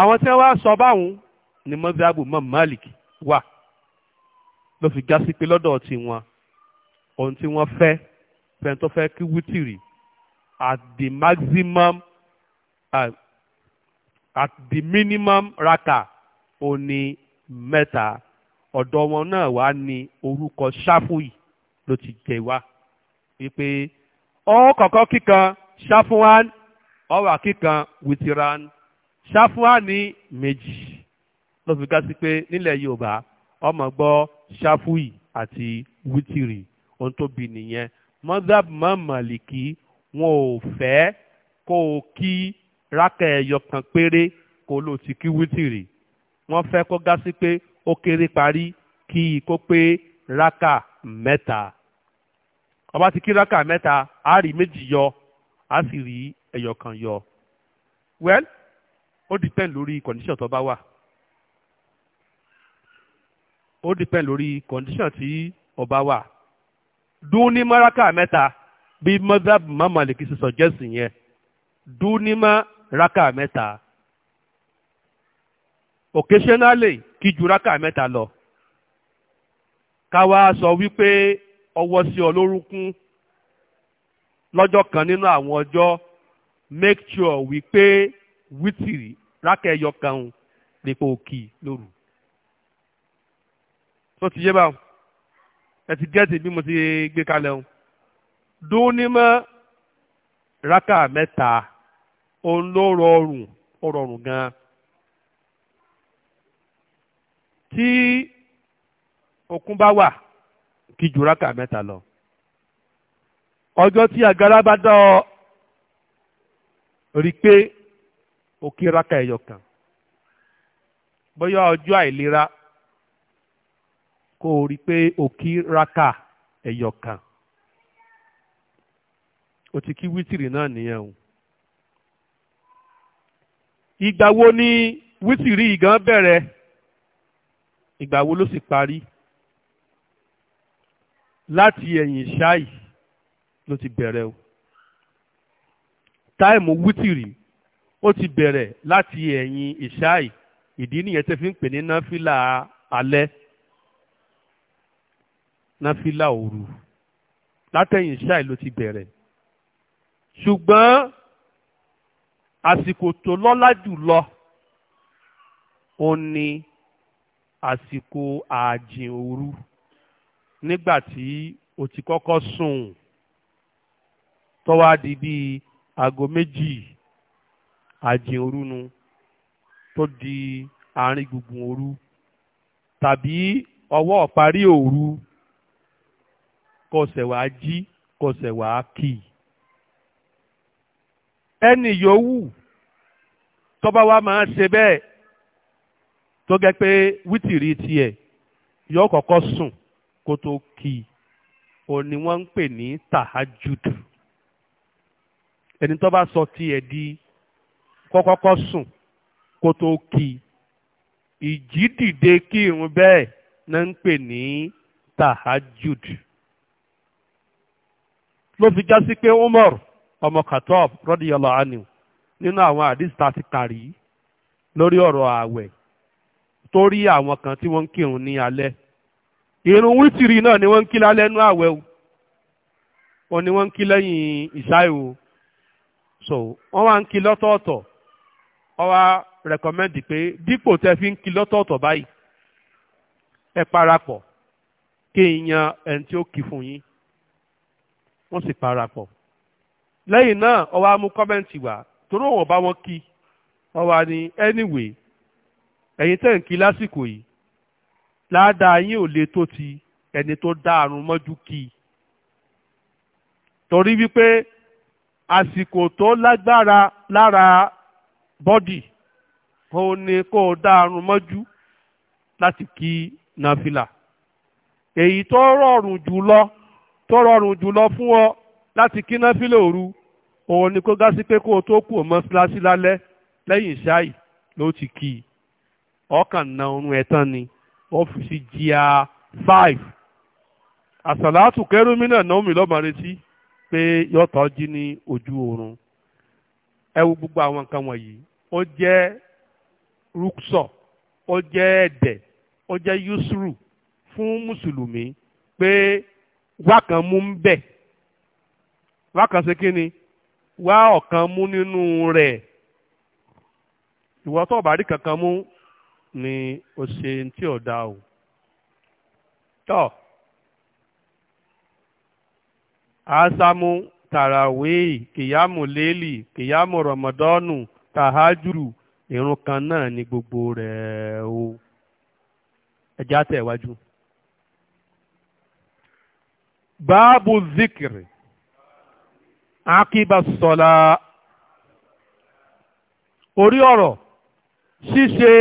àwọn tí wọ́n sọ báwọn ni mọ́sáàbù mọ́ Malik wà ló fi já sí pé lọ́dọ̀ tiwọn ohun tí wọ́n fẹ́ fẹ́ni tó fẹ́ kí wítìrì at the maximum uh, at the minimum raka ó ní mẹ́ta ọ̀dọ̀ wọn náà wá ní orúkọ ṣáfù yìí ló ti jẹ wá wípé ọ kọ̀ọ̀kan kíkan ṣáfù wán kíkan wìtìrán ṣáfúà ní méjì ló fi ká sí pé nílẹ̀ yorùbá ọmọ gbọ́ ṣáfúì àti wítìrì ohun tó bí nìyẹn mọ́sáàbù mọ́ màlìkì wọn ò fẹ́ kó o kí rákà ẹyọ kan péré kó o lò ti kí wítìrì wọ́n fẹ́ kó gá sí pé ó kéré parí kí kó pé rákà mẹ́ta ọba ti kí rákà mẹ́ta á rí méjì yọ á sì rí ẹyọ kan yọ. well ó depend lórí condition tó bá wà ó depend lórí condition tí ó bá wà dún ní mọ́ráká mẹ́ta bí mọ́sáb mamaliki ṣe suggest yẹn dún ní mọ́ráká mẹ́ta occasionally kí ju ráká mẹ́ta lọ káwa sọ wípé ọwọ́ sí ọ lórúnkún lọ́jọ́ kan nínú àwọn ọjọ́ make sure wípé wítìrì rákà ẹyọ kan nípa òkì lóru tó ti yé báwọn ẹ ti gẹ́ẹ̀tì bí mo ti gbé kalẹ̀ o dún ní mọ́ rákà mẹ́ta òun ló rọrùn ó rọrùn gan-an tí okun bá wà kí ju rákà mẹ́ta lọ ọjọ́ tí àgárá bá dá ọ rí i pé ó kí rákà ẹyọ kan bóyá ọjọ́ àìlera Kò rí pé ó kí rákà ẹyọ kan ó ti kí wítìrì náà nìyẹn o ìgbà wo ni wítìrì ìgàn bẹ̀rẹ̀ ìgbà wo ló sì parí láti ẹ̀yìn ṣáì ló ti bẹ̀rẹ̀ o táìmù wítìrì ó ti bẹ̀rẹ̀ láti ẹ̀yìn ìṣáì ìdí nìyẹn tẹ́ fi ń pè ní náfìlà alẹ́ náfìlà òru látẹ̀yìn ìṣáì ló ti bẹ̀rẹ̀ ṣùgbọ́n àsìkò tó lọ́lá jùlọ ó ní àsìkò ààjìn òru nígbà tí o ti kọ́kọ́ sùn tó bíi aago méjì àjìn òru nu tó di àárín gbùngbùn orú tàbí ọwọ́ parí òru kọsẹ̀ jí kọsẹ̀ wá kì í ẹnì yòówù tó wa máa ṣe bẹ́ẹ̀ tó gẹ́ pé wítìrí tiẹ̀ yóò kọ́kọ́ sùn kó tó kì í òun ni wọ́n ń pè ní tàhájùdù ẹni tó sọ tiẹ̀ di kọkọkọ kọ́kọ́ sùn kó tó kí i ìjídìde kí irun bẹ́ẹ̀ náà ń pè ní tahajud ló fi já sí pé Umar ọmọ Khattab radiyallahu anhu nínú àwọn àdìsítà ti kàrí lórí ọ̀rọ̀ ààwẹ̀ torí àwọn kan tí wọ́n ń kírun ní alẹ́ irun wítìrì náà ni wọ́n ń kí lálẹ́ nú o wọ́n ni wọ́n ń kí lẹ́yìn so wọ́n wá ń kí lọ́tọ̀ọ̀tọ̀ ó wá rẹ̀kọ́mẹ́ndì pé dípò tẹ́ fi ń kí lọ́tọ̀ọ̀tọ̀ báyìí ẹ parapọ̀ kí n yan ẹni tí ó kí fún yín wọ́n sì parapọ̀ lẹ́yìn náà ó wá mú kọ́mẹ́ǹtì wá torí òun bá wọn kí ó wá ní anyway ẹ̀yin ń kí lásìkò yìí ládàá yín ò le tó ti ẹni tó dá àrùn mọ́jú kí i torí wípé àsìkò tó lágbára lára bọ́dì ó ni kó o dá arun mọ́jú láti kí nàfìlà èyí tó rọrùn jùlọ tó rọrùn jùlọ fún ọ láti kí nàfìlà òru òun ni kó gá sí pé kó o tó kù o síláṣí lẹ́yìn ló ti kí i ọkàn na orun ni ọ́fíìsì jíà five náà mi lọ́ọ́ máa retí pé oorun. ẹ gbogbo àwọn nǹkan wọ̀nyí ó jẹ́ rúksọ ó jẹ́ ẹ̀dẹ̀ ó jẹ́ yusru fún mùsùlùmí pé wákan mú ń bẹ̀ wákan ṣe kí ni wá ọ̀kan mú nínú rẹ̀ ìwọ tó bá rí kankan mú ni o ṣe tí ò dáa o tọ́ àásámú. tàràwéè kìyàmù lélì kìyàmù rọmọdọ́nù tàhájùrù irun kan náà ni gbogbo rẹ̀ o ẹja tẹ̀wájú. báàbù zikiri akíba sọlá orí ọ̀rọ̀ ṣíṣe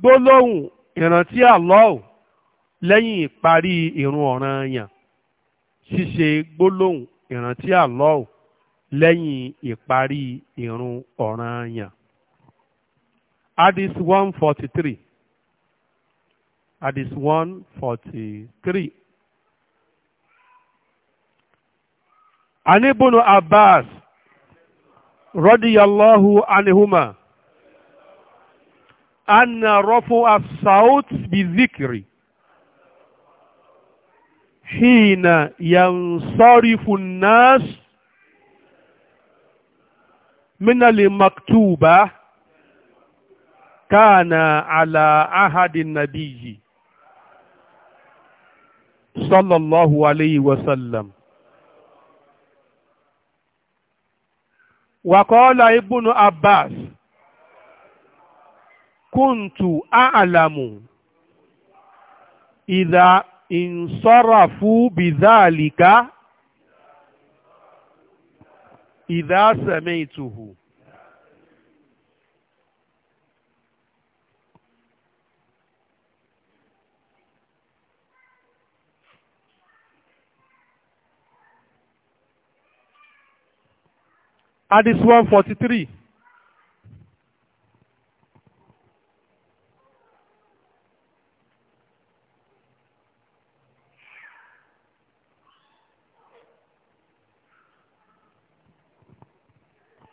gbólóhùn ìrántí Allah lẹ́yìn ìparí ìrun ọ̀ranyàn ṣíṣe gbólóhùn ìrántí Allah lẹ́yìn ìparí ìrun ọ̀ranyàn. Hadith one forty three Hadith one forty three. Anibunu Abbas radiyallahu anihuma anna rafu as-saut bi zikri hìnà yansọ́rífù náàsì mínàlè maktuba káànà àlà ahadi nàbíyì sallallahu alayhi wa sallam وقال ابن عباس كنت أعلم إذا insarafu bidhalika idha sami'tuhu Hadith 143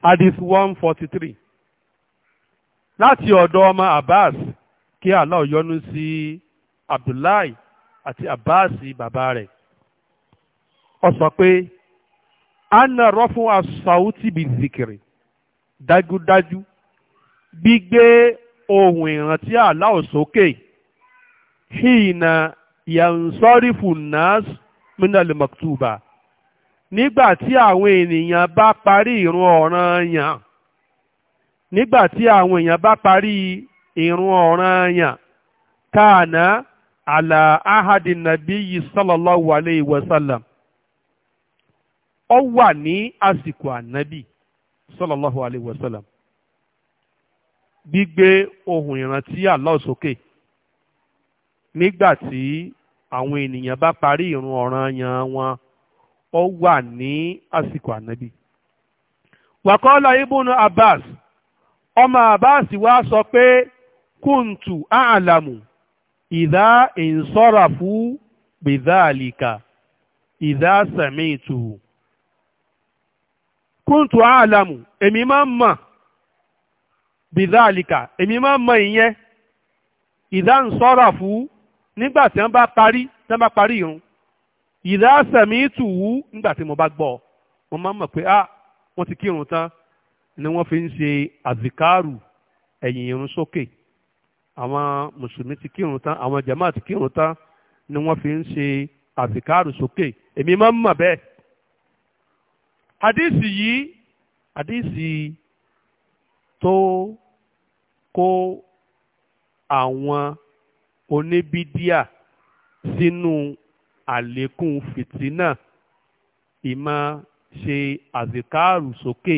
hadith one forty three láti ọ̀dọ̀ ọmọ abbas kí Allah yọ́nú sí abdullahi àti abbas bàbá rẹ̀ ó sọ pé anna rọ́fún asauti bi zikiri dájúdájú gbígbé ohun ìrántí Allah sókè hìnà yansọ́rífù nas minal maktuba nígbà tí àwọn ènìyàn bá parí ìrun ọ̀ranyàn nígbà tí àwọn èèyàn bá parí àlà ahadi nabi sallallahu alayhi wa sallam ọ wà ní àsìkò ànábì sallallahu alayhi wa ohun ìrántí Allah nígbà tí àwọn ènìyàn bá parí ìrun ọ̀ranyàn wọn. ó wà ní àsìkò ànábì wàkọ́lá ibùnú abbas ọmọ abbas wá sọ pé kùntù àlàmù ìdá ìǹsọ́ràfù bìdáàlìkà ìdá sàmìtù kùntù àlàmù èmi máa ń mọ̀ bìdáàlìkà èmi máa ń mọ̀ ìyẹn ìdá ìǹsọ́ràfù nígbà tí wọ́n bá parí tí wọ́n bá parí ìdá sẹ̀mí tùwú nígbà tí mo bá gbọ́ mo máa ń mọ̀ pé ah wọ́n ti kírun tán ni wọ́n fi ń ṣe àzìkárù ẹ̀yìn irun sókè àwọn mùsùlùmí ti kírun tán àwọn jàmáà ti kírun tán ni wọ́n fi ń ṣe àzìkárù sókè èmi máa ń mọ̀ bẹ́ẹ̀. àdìsí yìí àdìsí tó kó àwọn oníbídíà sínú àlékún fìtínà ìmọ̀ ṣe àzìkáàrù sókè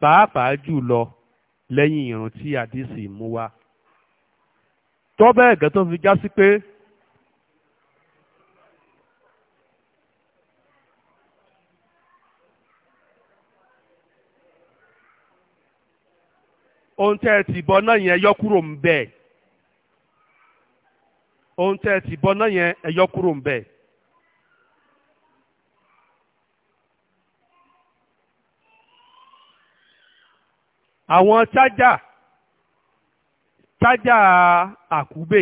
pàápàá jùlọ lẹ́yìn ìrun tí àdìsí mú wá tó bẹ́ẹ̀ gẹ́ tó fi já sí pé ohun tẹ́ ẹ ti bọ́ náà yẹn yọ kúrò ń bẹ́ẹ̀ ohun tẹ́ ẹ ti bọ́ náà yẹn ẹ yọ kúrò ń bẹ̀. àwọn chájà chájà àkúbè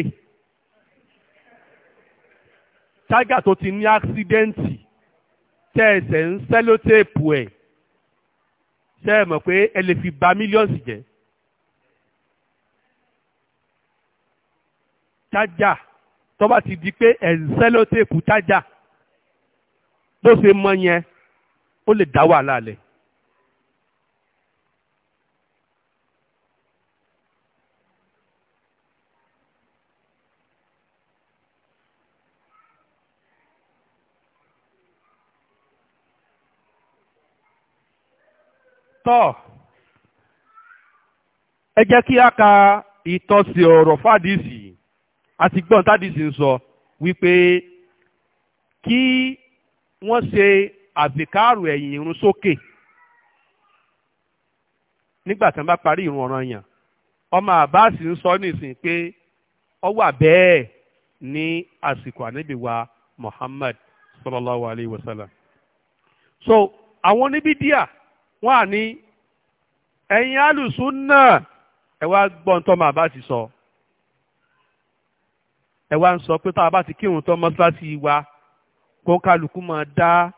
chájà tó ti ní àksidẹ́ǹtì tẹ́ ẹsẹ̀ ń sẹ́lótéèpù ẹ̀ ṣe é mọ̀ pé ẹ lè fi bà mílíọ̀nsì jẹ́. chájà tó bá ti di pé ẹ̀ ń sẹ́lótéèpù tájà bó ṣe mọ yẹn ó lè dá wàhálà lẹ̀. tọ́ ẹ jẹ́ kí a ka ìtọ́sí ọ̀rọ̀ fàdísì àti gbọ́n tádìsì ń sọ wípé kí wọ́n ṣe àbíkárù ẹ̀yìn irun sókè nígbà tí wọ́n bá parí irun ọ̀ràn yàn ọmọ àbáàsì ń sọ nísìnyí pé ó wà bẹ́ẹ̀ ní àsìkò ànábì wa Muhammad sallallahu alayhi wa sallam so àwọn oníbídíà wọ́n à ní ẹ̀yin alùsùn náà ẹ wá gbọ́n tọ́mọ àbáàsì sọ. So ẹ wá ń sọ pé tá a bá ti kírun tán mọ́ṣáláṣí wa kó kálukú máa dá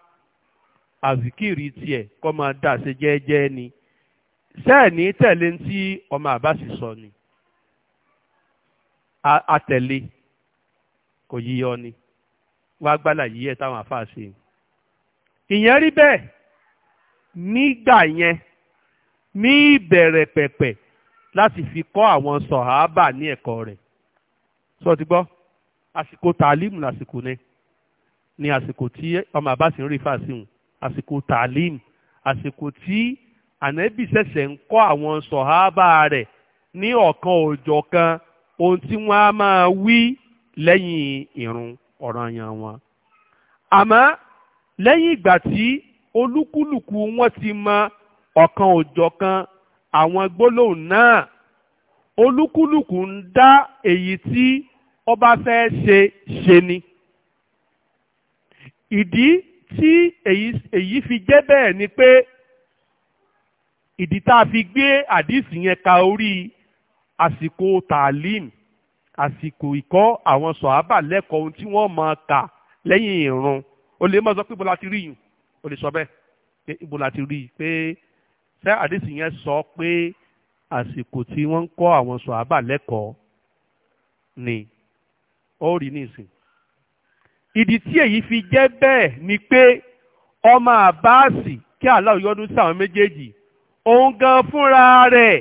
àzìkìrì tiẹ̀ kó máa dà ṣe jẹ́ẹ́jẹ́ ni sẹ́ẹ̀ni tẹ̀lé ń tí ọmọ àbáṣì sọ ni àtẹ̀lé kò yíyọ ni wá gbálà yíyẹ táwọn àfáà ṣe ìyẹn rí bẹ́ẹ̀ nígbà yẹn ní ìbẹ̀rẹ̀ pẹ̀pẹ̀ láti fi kọ́ àwọn sọ̀háábà ní ẹ̀kọ́ rẹ̀ sọ ti gbọ́ àsìkò tàlímù lásìkò ní ni àsìkò tí ọmọ àbáṣe ń rí fàṣíhùn àsìkò tàlímù àsìkò tí ànábì ṣẹ̀ṣẹ̀ ń kọ́ àwọn sọ̀hábà rẹ̀ ní ọ̀kan òòjọ́ kan ohun tí wọ́n á máa wí lẹ́yìn ìrun ọ̀ranyàn wọn. àmọ́ lẹ́yìn ìgbà tí olúkúlùkù wọn ti mọ ọ̀kan òòjọ́ kan àwọn gbólóhùn náà olúkúlùkù ń dá èyí tí ọba fẹ́ ṣe ṣe ni ìdí tí èyí fi jẹ́ bẹ́ẹ̀ ni pé ìdí tá a fi gbé àdìsí yẹn ka orí àsìkò tààlìm àsìkò ìkọ́ àwọn sọ̀hábà lẹ́kọ̀ọ́ ohun tí wọ́n máa kà lẹ́yìn ìrun o lè máa sọ pé ibo la ti rí yìí o lè sọ bẹ́ẹ̀ pé ibo la ti rí yìí pé ṣé àdìsí yẹn sọ pé àsìkò tí wọ́n ń kọ́ àwọn sọ̀hábà lẹ́kọ̀ọ́ ni ó rí nísìn ìdí tí èyí fi jẹ́ bẹ́ẹ̀ ni pé ọmọ àbáàsì kí aláwọ̀ yọdún sí àwọn méjèèjì òun gan fúnra rẹ̀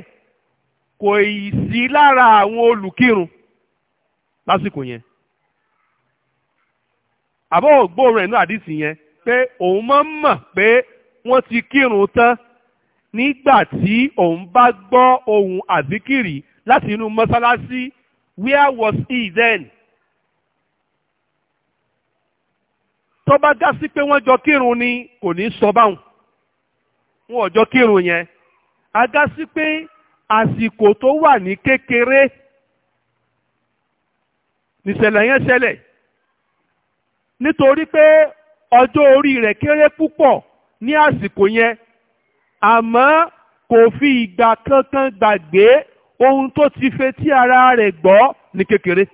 kò ì sí lára àwọn olùkírun lásìkò yẹn àbọ̀ ògbóòrùn ẹ̀ náà àdìsí yẹn pé òun máa ń mọ̀ pé wọ́n ti kírun tán nígbà tí òun bá gbọ́ ohun àzíkìrì láti inú mọ́sálásí where was he then? tó bá dá sí pé wọ́n jọ kírun ni kò ní sọ báwọn wọn ò jọ kírun yẹn a dá sí pé àsìkò tó wà ní kékeré nìṣẹ̀lẹ̀ yẹn ṣẹlẹ̀ nítorí pé ọjọ́ orí rẹ̀ kéré púpọ̀ ní àsìkò yẹn àmọ́ kò fi ìgbà kankan gbàgbé ohun tó ti fetí ara rẹ̀ gbọ́ ní kékeré.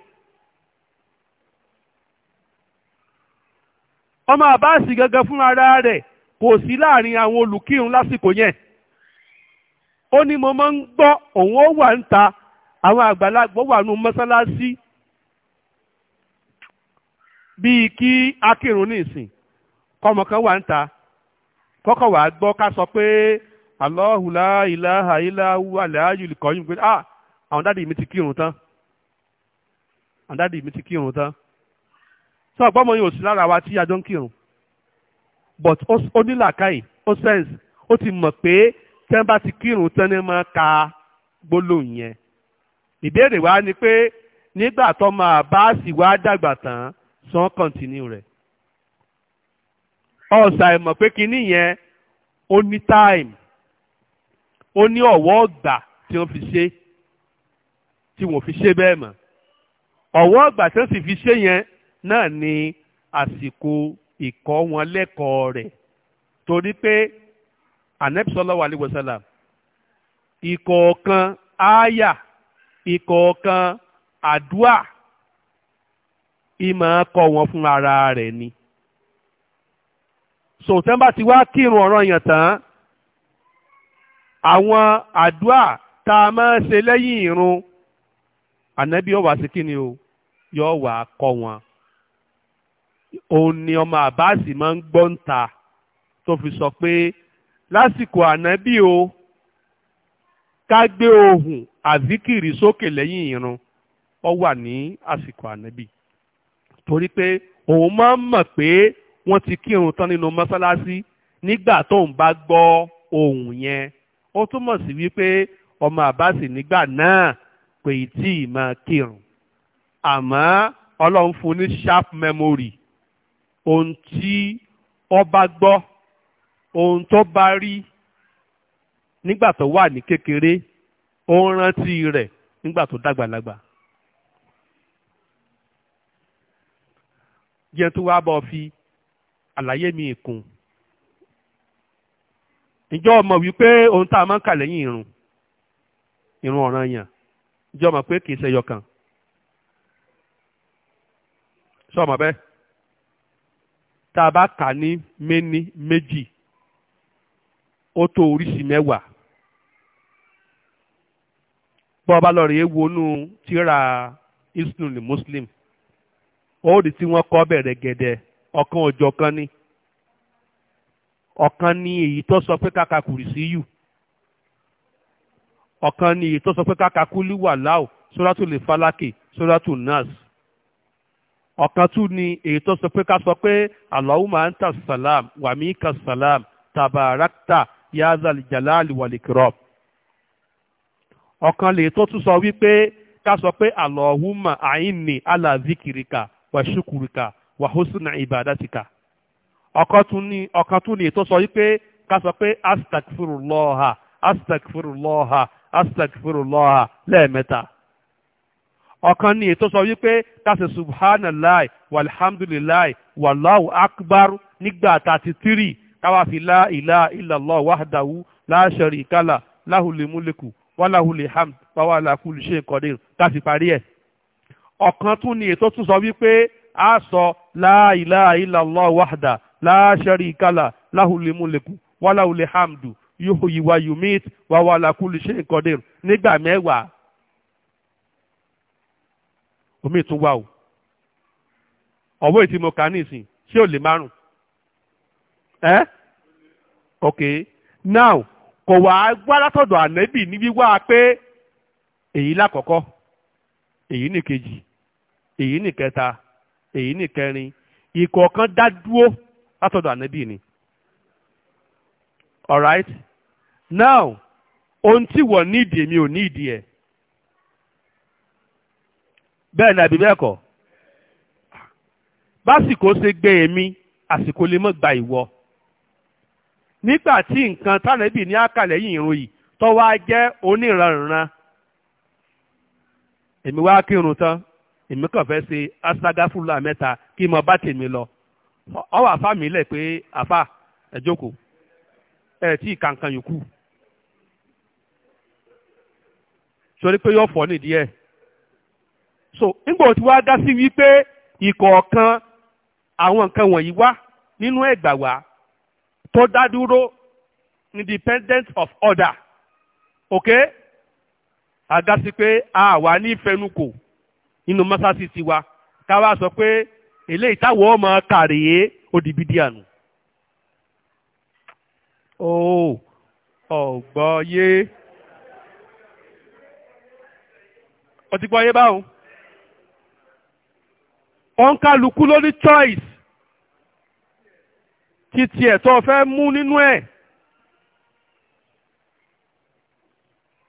ọmọ àbáàsì gangan fún ara rẹ̀ kò sí láàrin àwọn olùkírun lásìkò yẹn ó ní mo máa ń gbọ́ òun ó wà ń ta àwọn àgbàlagbà wà nù mọ́sálásí bíi kí akírun ní ìsìn kọ́mọ kan wà ń ta kọ́kọ́ wà á gbọ́ ká sọ pé alọ́hùlá ìlàhà ìlàhù àlàáyù ìkọ́yìn pé ah àwọn dáàdì mi ti kírun tán àwọn dáàdì mi ti kírun tán So, ọgbọ́mọ yìí ò sí lára wa tí a jọ ń kírun but ó ní làákàyè ó sense ó ti mọ̀ pé tẹ́ ń bá ti kírun tán ní máa ka gbólóhùn yẹn ìbéèrè wa ni pé nígbà tó máa bá sì wá dàgbà tán sàn kọ́ntínú rẹ̀ ọ̀sà ìmọ̀ pé kinní yẹn ó ní time ó ní ọ̀wọ́ ọ̀gbà tí wọ́n fi ṣe tí wọ́n fi ṣe bẹ́ẹ̀ mọ̀ ọ̀wọ́ ọ̀gbà tí wọ́n sì fi ṣe yẹn náà ni àsìkò ìkọ́ wọn lẹ́kọ̀ọ́ rẹ̀ torí pé Ànábì sallallahu alaihi wasallam ìkọ̀ọ̀kan ááyà ìkọ̀ọ̀kan àdúà ìmọ̀ kọ́ wọn fún ara rẹ̀ ni sòtẹ́mbà ti wá kírun ọ̀ràn yàn tán àwọn àdúà tá a máa ṣe lẹ́yìn ìrun ànábì ó sí kí o yóò kọ́ wọn òun ni ọmọ àbáàsì máa ń gbọ́ ń ta tó fi sọ pé lásìkò ànábì o ká gbé ohùn àzíkìrì sókè lẹ́yìn irun ó wà ní àsìkò ànábì torí pé òun máa ń mọ̀ pé wọ́n ti kírun tán nínú mọ́sálásí nígbà tóun bá gbọ́ ohùn yẹn ó túmọ̀ sí wípé ọmọ àbáàsì nígbà náà pé tí ì máa kírun àmọ́ ọlọ́run fún ní sharp memory ohun tí ọba gbọ́ ohun tó bá rí nígbà tó wà ní kékeré ó ń rántí rẹ̀ nígbà tó dàgbàlagbà. jẹ́ tó wá bọ́ fi àlàyé mi kùn. ìjọ ọmọ wípé ohun tá a máa ń kà lẹ́yìn irun irun ọ̀ràn yàn ìjọ ọmọ pé kì í ṣe yọkan. sọ ọmọ bẹ́ẹ̀. tá a bá kà ní méní méjì ó tó oríṣi mẹ́wàá bọ́ ọba lọ rèé wọnú tíra isnul muslim óòdì tí wọ́n kọ́ bẹ̀rẹ̀ gẹ̀dẹ̀ ọ̀kan ọjọ́ kan ni ọ̀kan ni èyí tó sọ pé kàkà kùrìsí yù ọ̀kan ni èyí tó sọ pé kàkà kúlí wà láò sóràtù lè falákè sóràtù nas ọ̀kan tún ni èyí tó sọ pé ká sọ pé Allahumma anta salam wa minka salam tabarakta ya zal jalali wal ikram ọ̀kan lè tó tún sọ wípé ká sọ pé Allahumma a'inni ala zikirika wa shukurika ọ̀kan tún ni ọ̀kan tó sọ wípé ká sọ pé astagfirullaha astagfirullaha astagfirullaha lẹ́ẹ̀mẹ́ta ọ̀kan ní ètò sọ wípé káṣe subhanallah walhamdulillah wallahu akbar nígbà thirty three káwá fi la ilaha illallah wahdahu la sharika lah lahul mulku walahul hamd wa ala kulli shay'in qadir káfi parí ẹ̀. ọ̀kan tún ní ètò tún sọ wípé a sọ la ilaha illallah wahda la sharika lah lahul mulku walahul yumit wa ala kulli shay'in nígbà mẹ́wàá omi tún wà o ọ̀wọ́ ètí mo kà ní ìsìn ṣé ò lè márùn ẹ́ ok now kò wá wá látọ̀dọ̀ ànẹ́bì ní wíwá pé èyí lákọ̀ọ́kọ́ èyí nìkejì èyí nìkẹta èyí nìkẹrin ìkọ̀ọ̀kan dá dúró látọ̀dọ̀ ànẹ́bì ni alright now ohun tí wọ́n nídìí èmi ò nídìí ẹ̀ bẹ́ẹ̀ ni àbí bẹ́ẹ̀ kọ́ básìkò ṣe gbé èmi àsìkò lè mọ́ gba ìwọ nígbà tí nǹkan tánàbì ní àkàlẹ́yìn irun yìí tó wá jẹ́ oníranran èmi wá kírun tán èmi kàn fẹ́ ṣe aságáfúlà mẹ́ta kí mo bá tèmi lọ ọwọ́ àfa mi lẹ̀ pé àfa ẹ̀ jókòó ẹ̀ tí kankan yòókù sori pé yóò fọ́ nìdí ẹ̀ so nígbà tí wàá dá sí wípé ìkọ̀ọ̀kan àwọn nǹkan wọ̀nyí wá nínú ẹ̀gbà wá tó dá dúró independent of order ok àdásí pé a wà ní ìfẹnukò nínú mọ́sáàsì tiwa ká wá sọ pé eléyìí táwọn ọmọ kàrèé odìbídì àná. ooo ọ̀gbọ́n yé ọtí gbọ́ yé báwo òǹkàlùkù ló ní choice títí ẹ̀ tó fẹ́ mú nínú ẹ̀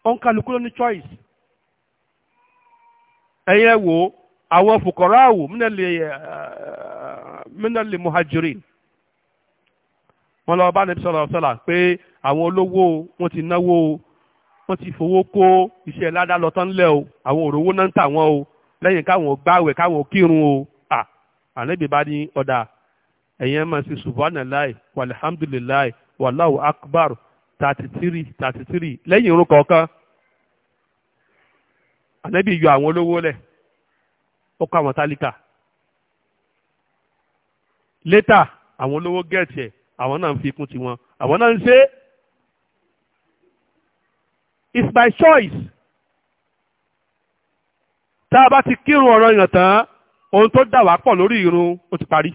òǹkàlùkù ló ní choice ẹ̀yẹ wo àwọn fòkọ̀rọ̀ àwò mínàlè muhajirin wọ́n lọ bá nàbí sọ̀rọ̀ sọ̀rọ̀ pé àwọn olówó wọn ti náwó wọn ti fowó kó iṣẹ́ ládàá lọ́tọ́ ńlẹ̀ o àwọn òrówó náà ń tà wọ́n o lẹ́yìn káwọn gbáwẹ̀ káwọn kírun o ànábì bá ní ọ̀dà ẹ̀yẹn máa ṣe subhanallahi walhamdulillahi wallahu akbar thirty three thirty three lẹ́yìn irun kọ̀ọ̀kan ànábì yọ àwọn olówó lẹ̀ ó kọ́ àwọn tálíkà létà àwọn olówó gẹ̀ẹ́tì ẹ̀ àwọn náà ń fi kún tiwọn àwọn náà ń ṣe é it's by choice tá a bá ti kírun ọ̀rọ̀ yàn tán ohun tó dà wá pọ̀ lórí irun ó ti parí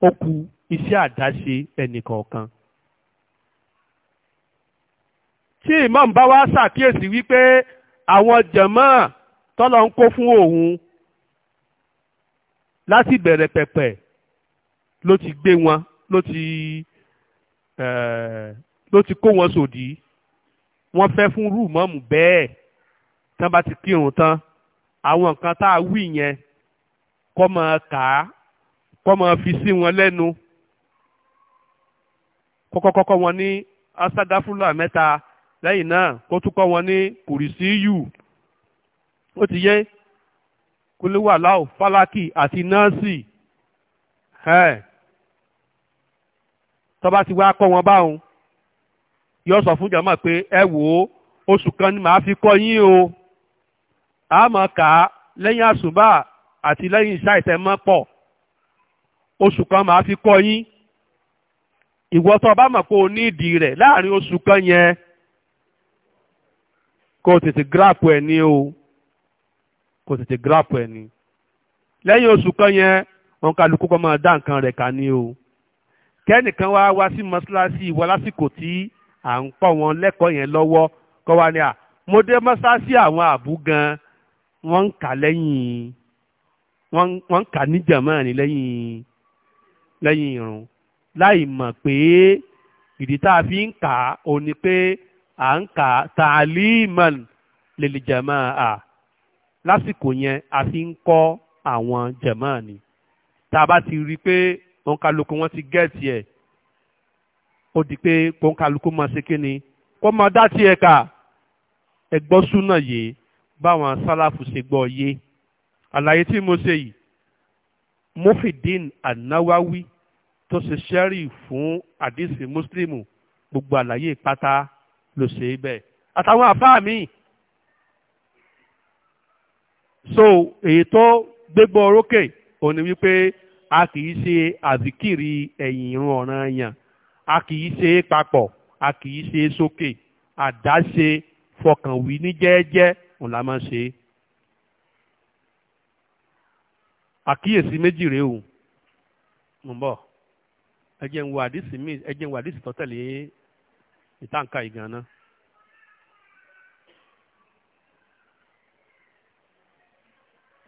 ó ku iṣẹ́ àdáṣe ẹnìkọ̀ọ̀kan tí imam bá wá ṣàkíyèsí wípé àwọn jẹ̀mọ́ tọ́lọ ń kó fún òun láti bẹ̀rẹ̀ pẹ̀pẹ̀ ló ti gbé wọn ló ti eh, ló ti kó wọn sòdí wọ́n fẹ́ fún rúùmọ́ọ̀mù bẹ́ẹ̀ tán bá ti kírun tán àwọn nǹkan tá a wí yẹn kọ́ máa kà á kọ́ máa fi sí wọn lẹ́nu kọ́kọ́kọ́kọ́ wọn ní asadafula mẹ́ta lẹ́yìn náà kó tún kọ́ wọn ní kùrìsíyù ó ti yé kúlúwàláò fálákì àti nọ́ọ̀sì tọ́ba ti wá kọ́ wọn báwọn yóò sọ fún jàmá pé ẹ wò ó oṣù kan ni màá fi kọ́ yín o a máa kà á lẹ́yìn àṣùbà àti lẹ́yìn iṣẹ́ ìtẹ̀mọ́ pọ̀ oṣù kan màá fi kọ́ yín ìwọ tó bá mọ̀ pé o ní ìdí rẹ̀ láàrin oṣù kan yẹn kò tètè gíráàpù ẹ̀ ní o kò tètè gíráàpù ẹ̀ ní lẹ́yìn oṣù kan yẹn wọn kálukú kọ́ máa dá nǹkan rẹ̀ ká ní o kẹ́nìkan wá wá sí mọ́ṣáláṣí ìwọ lásìkò tí à ń pọ̀ wọn lẹ́kọ̀ọ́ yẹn lọ́wọ́ kọ́ wá ní à mo dé mọ́ṣáláṣí àwọn àbú gan-an wọ́n ń kà lẹ́yìn wọ́n ń kà níjàmá ni lẹ́yìn lẹ́yìn irun láì mọ̀ pé ìdí tá a fi ń kà á ò ní pé à ń kà á tàlímàn lèlè jàmá à lásìkò yẹn a fi ń kọ́ àwọn jàmá ni tá a bá ti rí i pé òǹkàlùkù wọn ti gẹ̀ẹ́tì ẹ̀ ó di pé òǹkàlùkù máa ṣe kí ni kó máa dá tiẹ̀ kà ẹ gbọ́ súnà yìí báwọn sálàfù ṣe gbọ́ yé àlàyé tí mo ṣe yìí Muhyiddin An-Nawawi tó ṣe ṣẹ́rì fún àdìsí Muslimu gbogbo àlàyé pátá ló ṣe é bẹ́ẹ̀ àtàwọn àfáà so èyí tó gbégbó orókè òun ni wípé a kì í ṣe àzìkìrì ẹ̀yìn irun ọ̀ràn yàn a kì í ṣe é papọ̀ a kì ṣe é sókè àdáṣe fọkànwí ní jẹ́ẹ́jẹ́ òun la máa ń ṣe àkíyèsí méjì rèé o mo ń bọ̀ ẹ jẹ́ ń wo àdìsí mi ẹ jẹ́ ń wo àdìsí tó tẹ̀lé ìtànkà ìgànnà.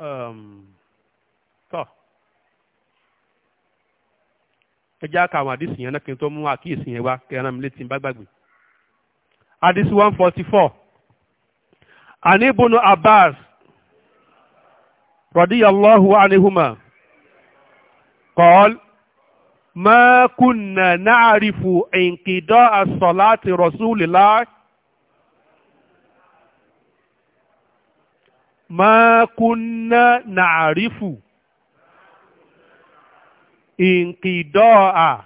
Um, tọ́ ẹ já ka àwọn àdìsí yẹn náà kí n tó mú àkíyèsí yẹn wá kí ẹ mi létí bá gbàgbé àdìsí one forty four. عن ابن عباس رضي الله عنهما قال ما كنا نعرف انقضاء الصلاة رسول الله ما كنا نعرف انقضاء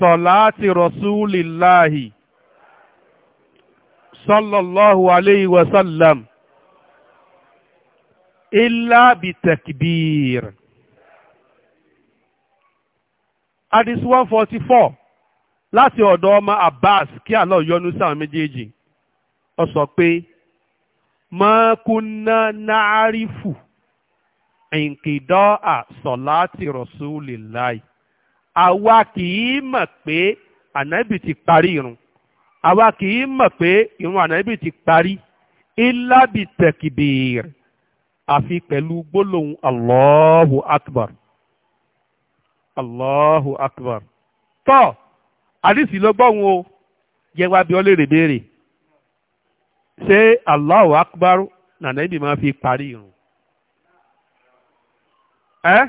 صلاة رسول الله sallallahu alayhi wa sallam illa bi takbir hadith one forty four láti ọ̀dọ̀ ọmọ abbas kí Allah yọ́nú sáwọn méjèèjì ó sọ pé ma kunna na'arifu ìǹkìdọ́à sọ̀láti rasulillahi àwa kì í mọ̀ pé ànábì ti parí irun àwa kì í mọ̀ pé ìrun ànábì ti parí ilábi tẹ̀kìbìr àfi pẹ̀lú gbólóhùn allahu akbar allahu akbar tọ́ àdìsí lọ́gbọ́n o jẹ́ wá bí ọlẹ́rẹ̀ béèrè ṣé allahu akbar nànábì máa fi parí ìrun ẹ́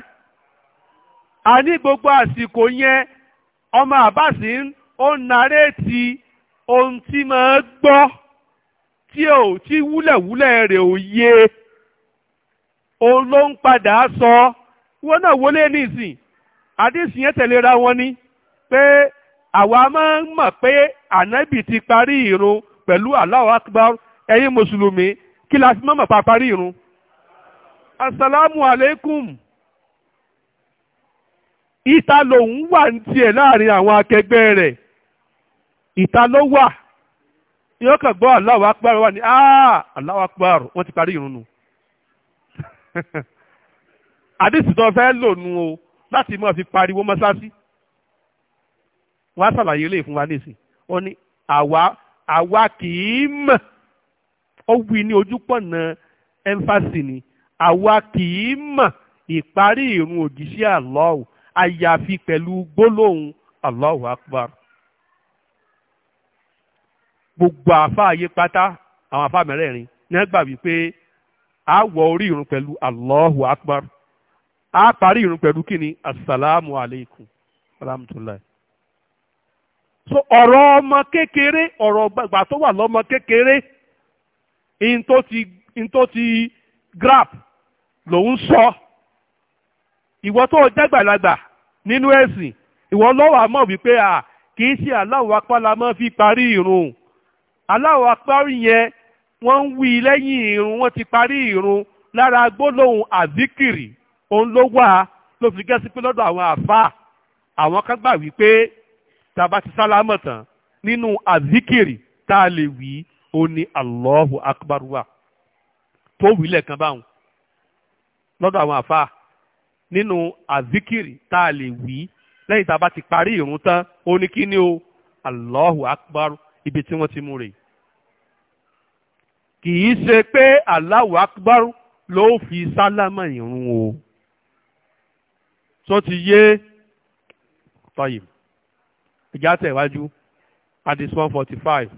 a ní gbogbo àsìkò yẹn ọmọ àbáṣe ó naréètì. ohun tí máa gbọ́ tí ò tí wúlẹ̀wúlẹ̀ rẹ̀ ò yé òun ló ń padà sọ wọn náà wọlé nísìn àdéhùn yẹn tẹ̀léra wọn ni pé àwa máa ń mọ̀ pé ànábì ti parí ìrun pẹ̀lú Allahu Akbar ẹ̀yin mùsùlùmí kí la fi mọ̀ mọ̀ pa parí ìrun. asalaamu aleykum ìta lòun wà ní tiẹ̀ láàrin àwọn akẹgbẹ́ rẹ̀ ìta ló wà yóò kàn gbọ́ Allahu Akbar wà ní ah, Allahu Akbar wọ́n ti parí ìrun nu àdìsí tó fẹ́ lò nu o láti mọ̀ fi pariwo mọ́sáàsì wọ́n á ṣàlàyé lè fún wa nísìn ó ní àwa àwa kì í mọ̀ ó wí ní ojúpọ̀nà ẹ́ńfàsì ni àwa kì í mọ̀ ìparí ìrun òjíṣẹ́ Allahu àyàfi pẹ̀lú gbólóhùn Allahu Akbar gbogbo àfa ayé pátá àwọn àfa mẹ́rẹ̀ẹ̀rin ní ẹgbà wípé a wọ orí irun pẹ̀lú Allahu Akbar a parí irun pẹ̀lú kíni asalaamu aleykum rahmatulahi. so ọ̀rọ̀ ọmọ kékeré ọ̀rọ̀ gbàgbà tó wà lọ́mọ kékeré in tó ti in tó ti grab lòun sọ ìwọ tó jágbàlagbà nínú ẹ̀sìn ìwọ lọ́wọ́ àmọ́ wípé a kì í ṣe Allahu Akbar la máa fi parí irun aláwọ̀ akpárí yẹn wọ́n ń wí lẹ́yìn irun wọ́n ti parí irun lára gbólóhùn àzíkìrì òun ló wà ló fi gẹ́sí pé lọ́dọ̀ àwọn àfáà àwọn kan gbà wípé tàbá ti sálámọ̀ tán nínú àzíkìrì tá a lè wí ó ní Allahu akbar wa tó wí lẹ́ẹ̀kan báwọn lọ́dọ̀ àwọn àfáà nínú àzíkìrì tá a lè wí lẹ́yìn tàbá ti parí irun tán ó ní kí ni o Allahu akbar ibi tí wọ́n ti mú rè kì í ṣe pé Allahu Akbar ló fi sálámà ìrun o tó ti yé tọ́yì ìjà tẹ̀wájú hadith one forty five.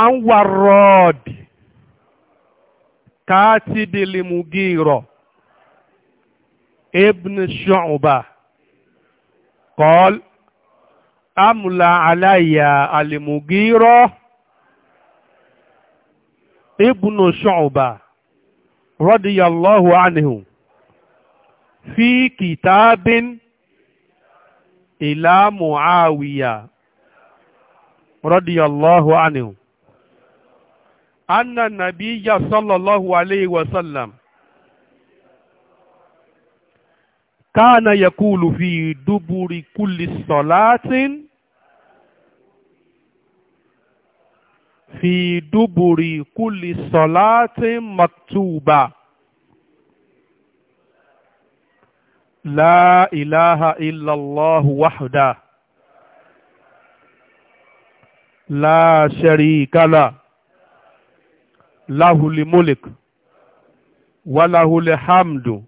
Anwarod. Hmm. كاتب المغيرة ابن شعبة قال أملى علي المغيرة ابن شعبة رضي الله عنه في كتاب إلى معاوية رضي الله عنه anna nabiyya sallallahu alayhi wa sallam kana yakulu fi duburi kulli salatin fi duburi kulli salatin maktuba la ilaha illa allah wahda la sharika lahu lahul mulk wa lahul hamdu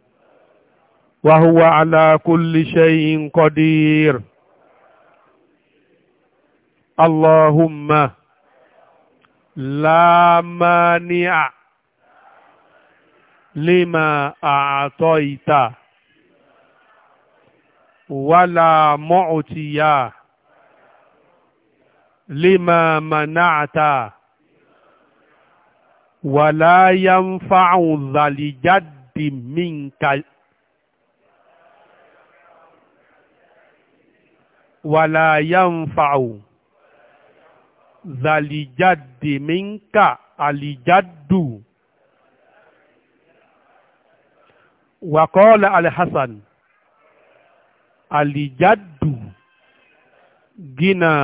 wa huwa ala kulli shay'in qadir allahumma la mani'a lima a'taita wala mu'tiya lima mana'ta wàlá yanfa'u zalijaddi minka wàlá yanfa'u zalijaddi minka alijaddu wàkọ́ọ̀lá alhassan alijaddu gina.